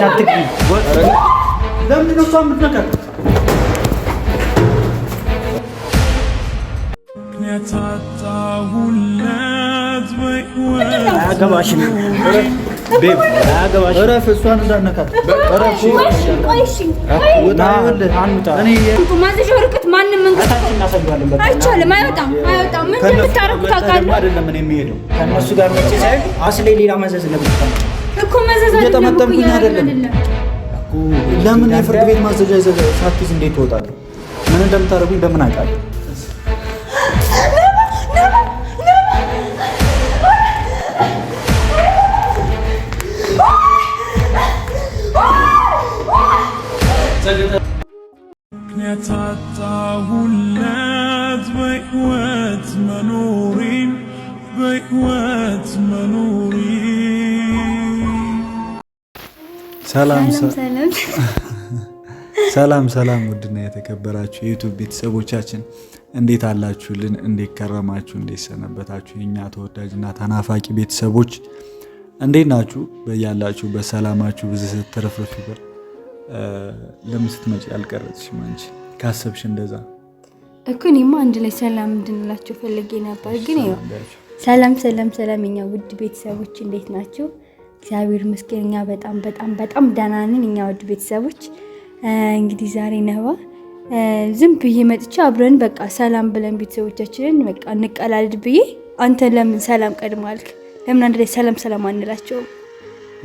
ሳትግቢ ለምንድን ነው እሷ የምትነካት? አያገባሽም። እረፍ፣ እሷን እንዳነካት። ማንም አይቻልም። አይወጣም አይወጣም። ምን እንደምታረጉት አውቃለሁ አይደለም። እኔ የምሄደው ከእነሱ ጋር መቼ ሳይሆን አስሌ ሌላ መዘዝ እኮ መዘዝ እየጠመጠምኩኝ አይደለም። ለምን የፍርድ ቤት ማዘዣ ሳትይዝ እንዴት ትወጣለህ? ምን እንደምታደርጉኝ በምን አውቃለሁ? የታጣሁለት በሕይወት መኖሪን በሕይወት መኖሪ ሰላም ሰላም ውድና የተከበራችሁ የዩቱብ ቤተሰቦቻችን እንዴት አላችሁልን? እንዴት ከረማችሁ? እንዴት ሰነበታችሁ? የእኛ ተወዳጅና ተናፋቂ ቤተሰቦች እንዴት ናችሁ? በያላችሁ በሰላማችሁ ብዙ ለምን ስትመጪ አልቀረጽሽም? አንቺ ካሰብሽ እንደዛ እኮ እኔማ አንድ ላይ ሰላም እንድንላቸው ፈልጌ ነበር። ግን ያው ሰላም ሰላም ሰላም፣ እኛ ውድ ቤተሰቦች እንዴት ናቸው? እግዚአብሔር ይመስገን እኛ በጣም በጣም በጣም ደህና ነን። እኛ ውድ ቤተሰቦች እንግዲህ ዛሬ ነባ ዝም ብዬ መጥቼ አብረን በቃ ሰላም ብለን ቤተሰቦቻችንን በቃ እንቀላልድ ብዬ አንተ ለምን ሰላም ቀድሞ አልክ? ለምን አንድ ላይ ሰላም ሰላም አንላቸውም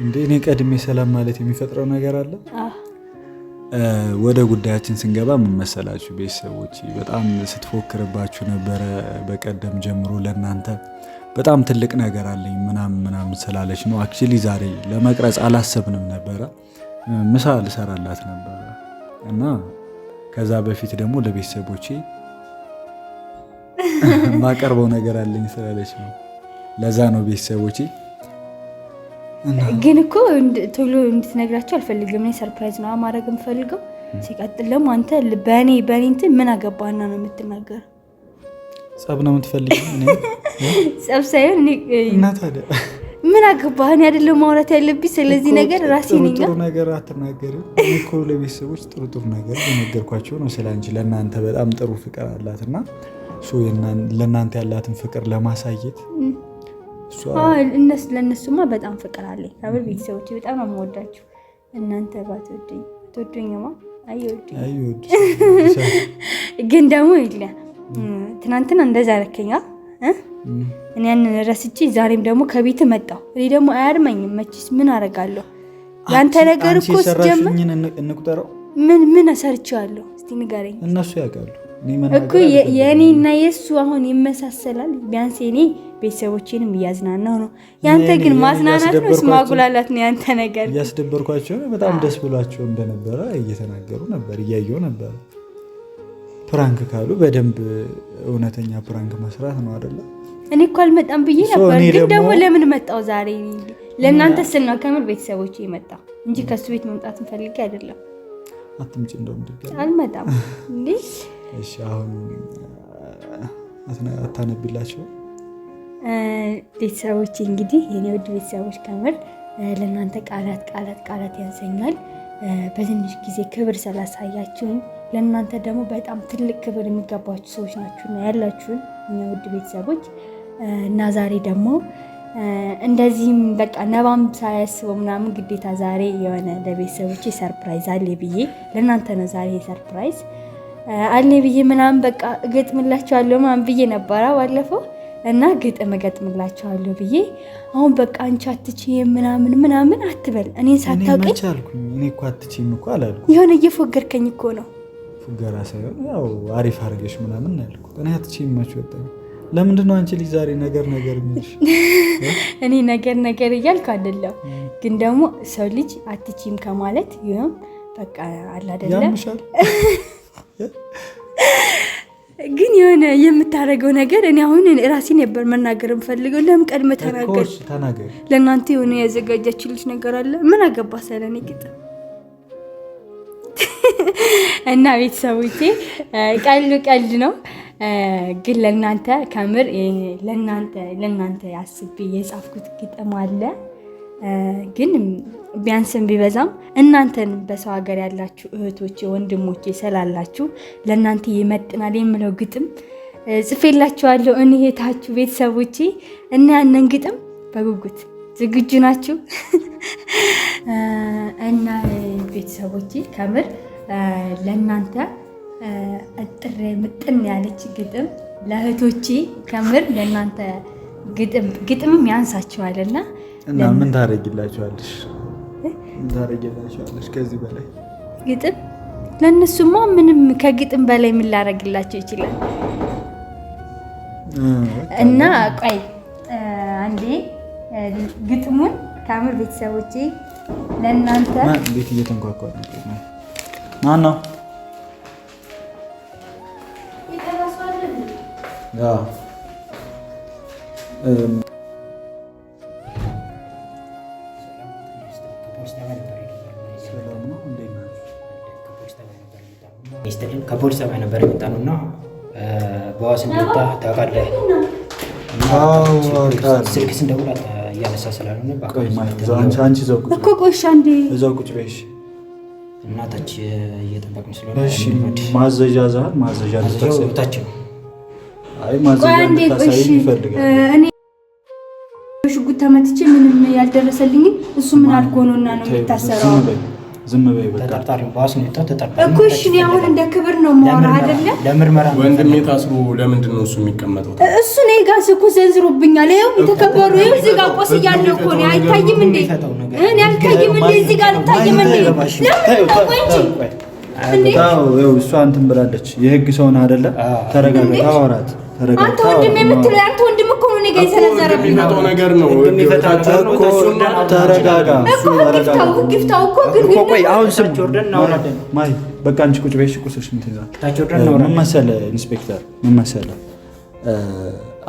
እንዴ? እኔ ቀድሜ ሰላም ማለት የሚፈጥረው ነገር አለ ወደ ጉዳያችን ስንገባ ምን መሰላችሁ ቤተሰቦች፣ በጣም ስትፎክርባችሁ ነበረ በቀደም ጀምሮ ለእናንተ በጣም ትልቅ ነገር አለኝ ምናምን ምናምን ስላለች ነው። አክቹሊ ዛሬ ለመቅረጽ አላሰብንም ነበረ፣ ምሳ ልሰራላት ነበረ እና ከዛ በፊት ደግሞ ለቤተሰቦቼ ማቀርበው ነገር አለኝ ስላለች ነው። ለዛ ነው ቤተሰቦቼ ግን እኮ ቶሎ እንድትነግራቸው አልፈልግም። እኔ ሰርፕራይዝ ነው ማድረግ የምፈልገው። ሲቀጥል ደግሞ አንተ በእኔ በእኔ እንትን ምን አገባህና ነው የምትናገር? ጸብ ነው የምትፈልገው? ጸብ ሳይሆን ምን አገባህ? እኔ አይደለም ማውራት ያለብኝ ስለዚህ ነገር ራሴ ነኝ። ጥሩ ነገር አትናገርም እኮ ለቤተሰቦች ጥሩ ጥሩ ነገር የነገርኳቸው ነው ስለ አንቺ። ለእናንተ በጣም ጥሩ ፍቅር አላት እና ለእናንተ ያላትን ፍቅር ለማሳየት ለእነሱማ በጣም ፍቅር አለኝ። አብር ቤተሰቦች በጣም አምወዳችሁ። እናንተ ባትወዱኝ ትወዱኝማ አይወድ ግን ደግሞ ይለ ትናንትና እንደዛ ያረከኛ እኔ ያንን ረስቼ ዛሬም ደግሞ ከቤት መጣሁ። እኔ ደግሞ አያርመኝም መችስ ምን አደርጋለሁ? ያንተ ነገር እኮ ስጀምር ምን ምን ሰርቼዋለሁ? እስቲ ንገረኝ። እነሱ ያውቃሉ እኮ የእኔ እና የእሱ አሁን ይመሳሰላል። ቢያንስ እኔ ቤተሰቦቼንም እያዝናናው ነው። ያንተ ግን ማዝናናት ነው ስማጉላላት ነው ያንተ ነገር። እያስደበርኳቸው በጣም ደስ ብሏቸው እንደነበረ እየተናገሩ ነበር፣ እያየው ነበር። ፕራንክ ካሉ በደንብ እውነተኛ ፕራንክ መስራት ነው አደለ? እኔ እኮ አልመጣም ብዬ ነበር፣ ግን ደግሞ ለምን መጣው ዛሬ ለእናንተ ስል ነው ከምር ቤተሰቦች መጣ እንጂ ከእሱ ቤት መምጣት እንፈልጌ አይደለም። አትምጭ እንደውም አልመጣም እሺ አሁን አታነብላቸው ቤተሰቦች እንግዲህ የኔ ውድ ቤተሰቦች ከምር ለእናንተ ቃላት ቃላት ቃላት ያንሰኛል። በትንሽ ጊዜ ክብር ስላሳያችሁኝ ለእናንተ ደግሞ በጣም ትልቅ ክብር የሚገባችሁ ሰዎች ና ያላችሁን እኛ ውድ ቤተሰቦች እና ዛሬ ደግሞ እንደዚህም በቃ ነባም ሳያስበው ምናምን ግዴታ ዛሬ የሆነ ለቤተሰቦች ሰርፕራይዝ አለ ብዬ ለእናንተ ነው ዛሬ ሰርፕራይዝ አለ ብዬ ምናምን በቃ እገጥምላቸዋለሁ ምናምን ብዬ ነበረ ባለፈው እና ግጥም እገጥምላቸዋለሁ ብዬ አሁን በቃ አንቺ አትችይም ምናምን ምናምን አትበል። እኔን ሳታውቀኝ እኔ እኮ አትችይም እኮ አላልኩም። የሆነ እየፎገርከኝ እኮ ነው። ፉገራ ሳይሆን ያው አሪፍ አድርገሽ ምናምን ያልኩት እኔ አትችይም መች ወጣ። ለምንድን ነው አንቺ ልጅ ዛሬ ነገር ነገር የሚልሽ? እኔ ነገር ነገር እያልኩ አይደለም፣ ግን ደግሞ ሰው ልጅ አትችይም ከማለት ይሁን በቃ አላደለም ግን የሆነ የምታደርገው ነገር እኔ አሁን ራሴ ነበር መናገር የምፈልገው። ለምን ቀድመ ተናገር። ለእናንተ የሆነ ያዘጋጃችልሽ ነገር አለ። ምን አገባህ ስለ እኔ ግጥ እና ቤተሰቦቼ፣ ቀልድ ቀልድ ነው፣ ግን ለእናንተ ከምር ለእናንተ ለእናንተ ያስቤ የጻፍኩት ግጥም አለ ግን ቢያንስም ቢበዛም እናንተን በሰው ሀገር ያላችሁ እህቶቼ ወንድሞቼ ስላላችሁ ለእናንተ ይመጥናል የምለው ግጥም ጽፌላችኋለሁ። እንሄታችሁ እህታችሁ ቤተሰቦቼ እና ያንን ግጥም በጉጉት ዝግጁ ናችሁ? እና ቤተሰቦቼ ከምር ለእናንተ እጥሬ ምጥን ያለች ግጥም ለእህቶቼ ከምር ለእናንተ ግጥም ግጥምም ያንሳችኋልና እና ምን ታደርጊላቸዋለሽ? ምን ታደርጊላቸዋለሽ ከዚህ በላይ ግጥም? ለእነሱማ ምንም ከግጥም በላይ ምን ላደርግላቸው ይችላል? እና ቆይ አንዴ ግጥሙን ከምር ቤተሰቦቼ ለእናንተ ቤት እየተንኳኳ ማን ነው? አዎ ከፖሊስ ጣቢያ ነበር የመጣ ነው እና በዋስ እንደወጣ ታውቃለህ። ስልክ ስንደውል እያነሳ ስላልሆነ እኮ ቆሻ እንዴ እዛው ቁጭ በይ እናታች እየጠበቅን ስለሆነ ማዘዣ ዛህል ማዘዣ ታች ነው። በሽጉጥ ተመትቼ ምንም ያልደረሰልኝ እሱ ምን አድርጎ ነውና ነው የሚታሰረው? ዝም በይ በቃ። ተጠርጣሪው ባስ ነው የወጣው ተጠርጣሪ እኮ እሺ። እኔ አሁን እንደ ክብር ነው የማወራህ አይደለ? ለምርመራ ወንድሜ ታስሮ ለምንድን ነው እሱ የሚቀመጠው? እሱ እኔ ጋር ዘንዝሮብኛል። ይኸው የተከበሩ ይኸው እዚህ ጋር ቆስ እኮ አይታይም እንዴ? እኔ አልታይም እንዴ? እዚህ ጋር አልታይም እንዴ? ለምን ነው ቆይ እንጂ እሷ እንትን ብላለች። የህግ ሰውን አይደለ? ተረጋጋ፣ ተረጋጋ። አንተ ወንድሜ የምትለው አንተ ወንድሜ የሚመጣው ነገር ነው። በቃ አንቺ ቁጭ በይ። ምን መሰለህ ኢንስፔክተር፣ ምን መሰለህ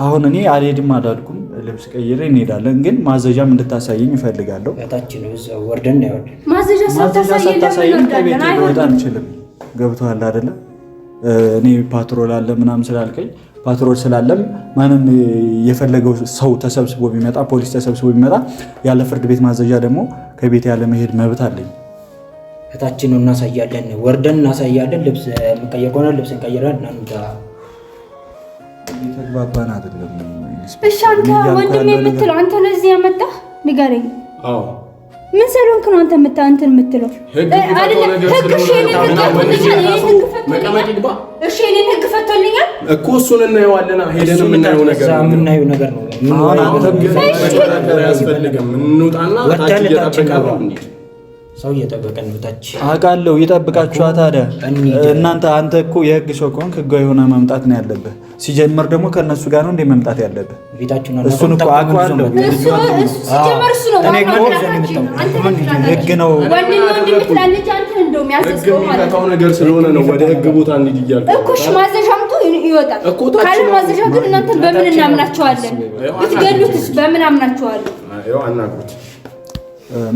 አሁን እኔ አልሄድም አላልኩም። ልብስ ቀይሬ እንሄዳለን፣ ግን ማዘዣም እንድታሳየኝ እፈልጋለሁ። ማዘዣ ሳታሳየኝ ከቤት ልወጣ አልችልም። ገብቶሃል አይደለ? እኔ ፓትሮል አለ ምናምን ስላልከኝ ፓትሮል ስላለም ማንም የፈለገው ሰው ተሰብስቦ ቢመጣ ፖሊስ ተሰብስቦ ቢመጣ ያለ ፍርድ ቤት ማዘዣ ደግሞ ከቤት ያለ መሄድ መብት አለኝ። እታችን እናሳያለን፣ ወርደን እናሳያለን። ልብስ የምንቀየር ከሆነ ልብስ እንቀይራል። እናንተ ተግባባን አይደለም? እሺ አንተ ወንድሜ የምትለው አንተ ነው እዚህ ያመጣህ ንገረኝ። አዎ ምን ሰሎንክ ነው አንተ እንትን የምትለው? ህግ ሽ እሺ እኮ እሱን እናየዋለን። ሄደን የምናየው ነገር ነው። ሰው እየጠበቀን ብታች አውቃለሁ። ይጠብቃችኋ ታዲያ እናንተ። አንተ እኮ የህግ ሰው ከሆንክ ህጋዊ የሆነ መምጣት ነው ያለብህ። ሲጀመር ደግሞ ከእነሱ ጋር ነው እንደ መምጣት ያለብህ። እሱን እኮ አውቃለሁ። ህግ ነው ህግ የሚፈታው ነገር ስለሆነ ነው ወደ ህግ ቦታ እንሂድ እያልኩ ይወጣል። ግን እናንተን በምን እናምናቸዋለን? ብትገሉትስ በምን አምናቸዋለን?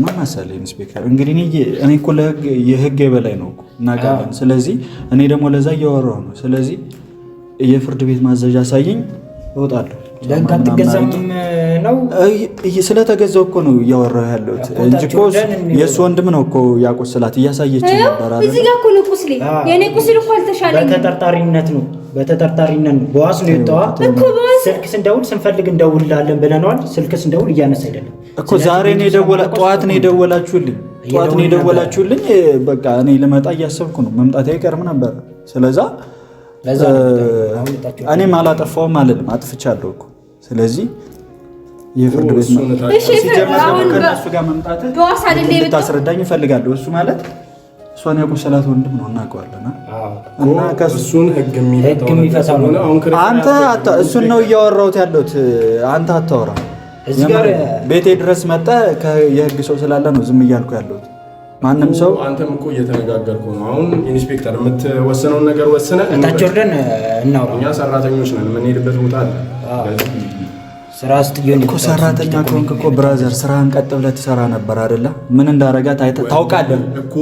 ማን አሳለ? ኢንስፔክተር እንግዲህ እኔ እኮ የህግ የበላይ ነው እናውቃለን። ስለዚህ እኔ ደግሞ ለዛ እያወራሁ ነው። ስለዚህ የፍርድ ቤት ማዘዣ አሳየኝ፣ እወጣለሁ። ነው ስለተገዛው እኮ ነው እያወራሁ ያለሁት እንጂ እኮ የእሱ ወንድም ነው እኮ እያሳየች ነበር። እዚህ ጋር እኮ ነው ቁስሌ። የእኔ ቁስል እኮ አልተሻለኝም። በተጠርጣሪነት ነው በተጠርጣሪነት ነው። በዋስ ነው የወጣዋ። ስልክ ስንደውል ስንፈልግ እንደውልላለን ብለነዋል። ስልክ ስንደውል እያነሳ አይደለም እኮ። ዛሬ ጠዋት ነው የደወላችሁልኝ፣ ጠዋት ነው የደወላችሁልኝ። በቃ እኔ ልመጣ እያሰብኩ ነው፣ መምጣት አይቀርም ነበር። ስለዛ እኔም አላጠፋውም አልልም፣ አጥፍቻለሁ እኮ። ስለዚህ የፍርድ ቤት ነው ሲጀመር ከእነሱ ጋር መምጣት ታስረዳኝ እፈልጋለሁ። እሱ ማለት እሷን ያቆሰላት ወንድም ነው እናውቀዋለን። እሱን ህግ አንተ እሱን ነው እያወራሁት ያለሁት። አንተ አታወራ። ቤቴ ድረስ መጠ የህግ ሰው ስላለ ነው ዝም እያልኩ ያለሁት። ማንም ሰው አንተም እኮ እየተነጋገርኩ ነው። አሁን ኢንስፔክተር የምትወሰነውን ነገር ወስነ እታች ወርደን እናውራ። እኛ ሰራተኞች ነን፣ የምንሄድበት ቦታ አለ። ስራ ስትየን እኮ ሰራተኛ ከሆንክ እኮ ብራዘር፣ ስራህን ቀጥ ብለህ ትሰራ ነበር አይደለ? ምን እንዳረጋት ታውቃለህ እኮ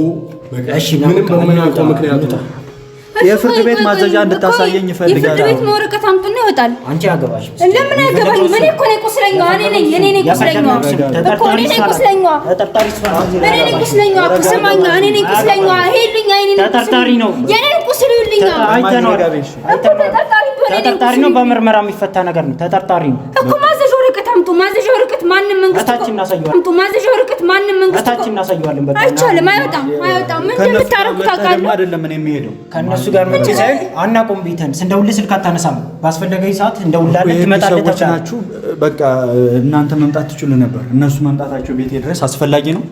የፍርድ ቤት ማዘዣ እንድታሳየኝ ይፈልጋል። የፍርድ ቤት ወረቀት አምጥና ይወጣል። አንቺ አገባሽ? ለምን አገባሽ? ምን እኮ ነው ቁስለኛዋ? እኔ ነኝ እኔ ነኝ ቁስለኛዋ እኮ እኔ ነኝ ቁስለኛዋ እኔ ነኝ ቁስለኛዋ እኮ ስማኛ፣ እኔ ነኝ ቁስለኛዋ። ሄድልኝ እኔ ነኝ ተጠርጣሪ ነው የኔን ቁስል ይልኛ አይተነዋል እኮ ተጠርጣሪ ነው። በምርመራ የሚፈታ ነገር ነው። ተጠርጣሪ ነው እኮ ማዘዣ አምጡ ማዘዣው ርቀት ማንም መንግስት እኮ አምጡ ማዘዣው ርቀት ማንም መንግስት እኮ እናሳየዋለን። በቃ አይቻልም፣ አይወጣም፣ አይወጣም። ምን እንደምታረጉ ታውቃለህ አይደለም? እኔ የሚሄደው ከእነሱ ጋር መቼ ሳይል አናቆም። ቤተን እንደውል ስልክ አታነሳም። ባስፈለገኝ ሰዓት እንደውላለን ትመጣለህ። ተቻላችሁ በቃ እናንተ መምጣት ትችሉ ነበር። እነሱ መምጣታቸው ቤቴ ድረስ አስፈላጊ ነው።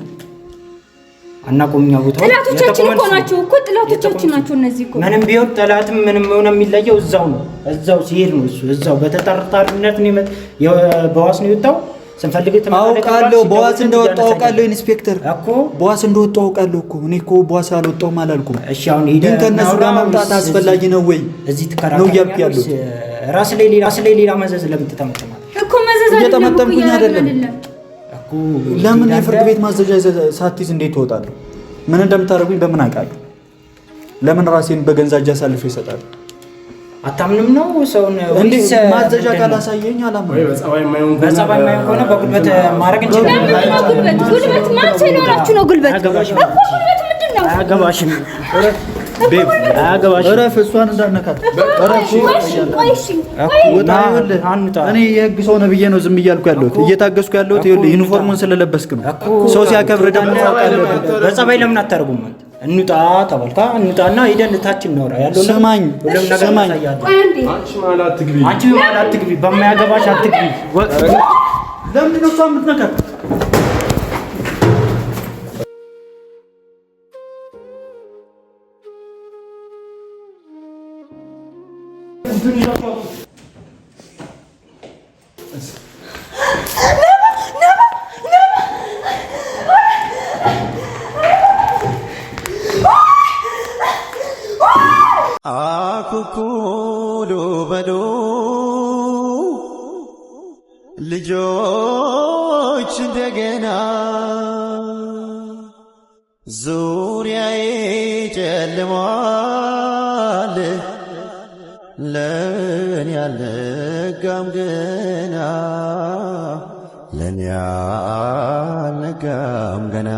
አናቆም እኛ ቦታ ጠላቶቻችን እኮ ናቸው እኮ ጠላቶቻችን ናቸው እነዚህ እኮ ምንም ቢሆን ጠላትም ምንም ሆነ የሚለየው እዛው ነው እዛው ሲሄድ ነው እሱ እዛው በተጠርጣሪነት በዋስ ነው የወጣው ስንፈልግ አውቃለሁ በዋስ እንደወጣሁ አውቃለሁ ኢንስፔክተር እኮ በዋስ እንደወጣሁ አውቃለሁ እኮ እኔ እኮ በዋስ አልወጣሁም አላልኩም እሺ አሁን ሄደህ ከእነሱ ጋር መምጣት አስፈላጊ ነው ወይ እዚህ ትከራከራለህ ራስ ላይ ሌላ መዘዝ ለምን ትጠመጥማለህ እኮ መዘዝ እየጠመጠምኩኝ አይደለም ለምን የፍርድ ቤት ማዘዣ ሳትይዝ እንዴት ትወጣለህ? ምን እንደምታደርጉኝ በምን አውቃለሁ? ለምን ራሴን በገንዛ እጅ አሳልፎ ይሰጣል? አታምንም ነው ሰውን? ሰው ማዘዣ ካላሳየኝ አላምንም። በጸባይ የማይሆን ከሆነ በጉልበት ማድረግ እንችላለን። ጉልበት ጉልበት ማን ሰው ይኖራችሁ ነው? ጉልበት ጉልበት ምንድን ነው? አያገባሽም እረፍ፣ እኔ የህግ ሰው ነብዬ ነው ዝም እያልኩ ያለሁት። እየታገስኩ ያለሁት ዩኒፎርሙን ስለለበስክ ነው። ሰው ሲያከብር በጸባይ ለምን አታደርጉም? እንውጣ ተባልካ እንውጣና ሄደን ታች እናውራ። ያለው ስማኝ ስማኝ፣ አንቺ አትግቢ፣ በማያገባሽ አትግቢ። ለምንድን ነው እሷ የምትነካት? üstünü yapalım. አኩኩሉ በሉ ልጆች እንደገና ዙሪያዬ ጨልሟል። ለኔ አልነጋም ገና ለኔ አልነጋም ገና